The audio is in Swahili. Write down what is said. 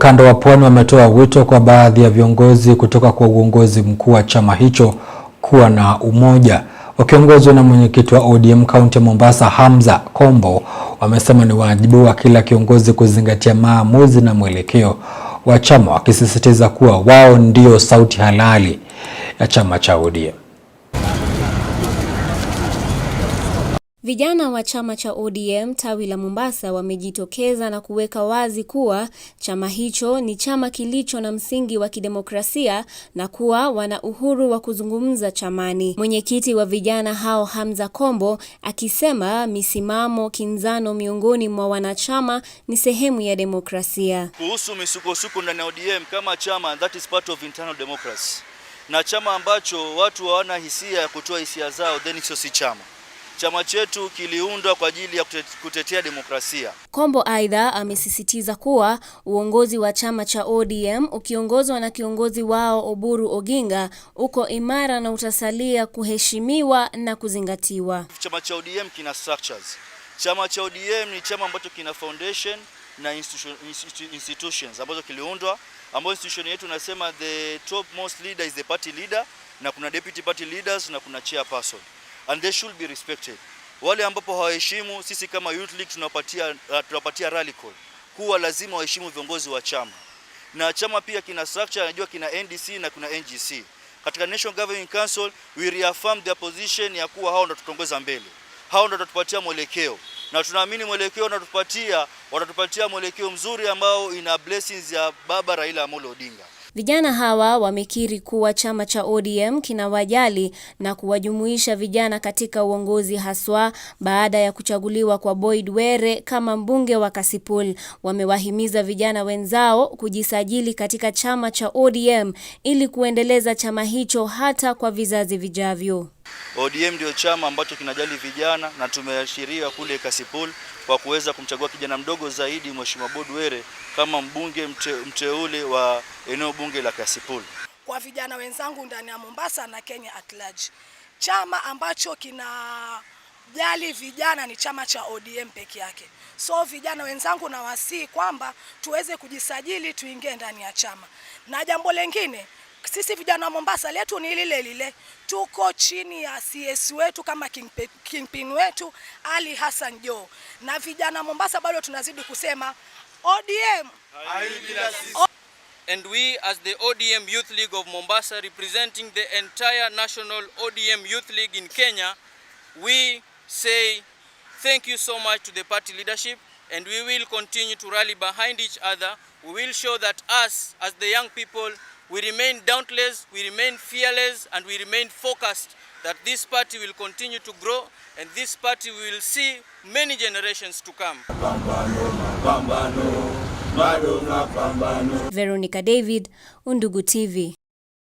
ukanda wa Pwani wametoa wito kwa baadhi ya viongozi kutoka kwa uongozi mkuu wa chama hicho kuwa na umoja. Wakiongozwa na mwenyekiti wa ODM kaunti ya Mombasa, Hamza Kombo, wamesema ni wajibu wa kila kiongozi kuzingatia maamuzi na mwelekeo wa chama, wakisisitiza kuwa wao ndio sauti halali ya chama cha ODM. Vijana wa chama cha ODM tawi la Mombasa wamejitokeza na kuweka wazi kuwa chama hicho ni chama kilicho na msingi wa kidemokrasia na kuwa wana uhuru wa kuzungumza chamani. Mwenyekiti wa vijana hao Hamza Kombo akisema misimamo kinzano miongoni mwa wanachama ni sehemu ya demokrasia. Kuhusu misukosuko ndani ya ODM kama chama, that is part of internal democracy, na chama ambacho watu hawana hisia ya kutoa hisia zao, then sio si chama. Chama chetu kiliundwa kwa ajili ya kutetea demokrasia. Kombo aidha amesisitiza kuwa uongozi wa chama cha ODM ukiongozwa na kiongozi wao Oburu Oginga uko imara na utasalia kuheshimiwa na kuzingatiwa. Chama cha ODM kina structures. Chama cha ODM ni chama ambacho kina foundation na institutions ambazo kiliundwa ambayo institution yetu nasema the most leader is the party leader na kuna deputy party leaders na kuna chairperson and they should be respected. Wale ambapo hawaheshimu, sisi kama Youth League tunapatia, uh, tunapatia rally call kuwa lazima waheshimu viongozi wa chama, na chama pia kina structure, anajua kina NDC na kuna NGC. Katika National Governing Council we reaffirm their position ya kuwa hao ndio tutongoza mbele, hao ndio tutatupatia mwelekeo na tunaamini mwelekeo wanatupatia, wanatupatia mwelekeo mzuri ambao ina blessings ya Baba Raila Amolo Odinga. Vijana hawa wamekiri kuwa chama cha ODM kinawajali na kuwajumuisha vijana katika uongozi haswa baada ya kuchaguliwa kwa Boyd Were kama mbunge wa Kasipul. Wamewahimiza vijana wenzao kujisajili katika chama cha ODM ili kuendeleza chama hicho hata kwa vizazi vijavyo. ODM ndio chama ambacho kinajali vijana na tumeashiria kule Kasipul kwa kuweza kumchagua kijana mdogo zaidi Mheshimiwa Bodwere kama mbunge mte, mteule wa eneo bunge la Kasipul. Kwa vijana wenzangu ndani ya Mombasa na Kenya at large, chama ambacho kinajali vijana ni chama cha ODM peke yake. So vijana wenzangu, nawasihi kwamba tuweze kujisajili tuingie ndani ya chama, na jambo lengine sisi vijana wa Mombasa letu ni lile lile, tuko chini ya CS wetu kama kingpin, wetu Ali Hassan Joho, na vijana wa Mombasa bado tunazidi kusema ODM. And we as the ODM Youth League of Mombasa representing the entire national ODM Youth League in Kenya, we say thank you so much to the party leadership and we will continue to rally behind each other. We will show that us as the young people We remain dauntless, we remain fearless, and we remain focused that this party will continue to grow and this party will see many generations to come. Mapambano, mapambano, bado mapambano. Veronica David, Undugu TV.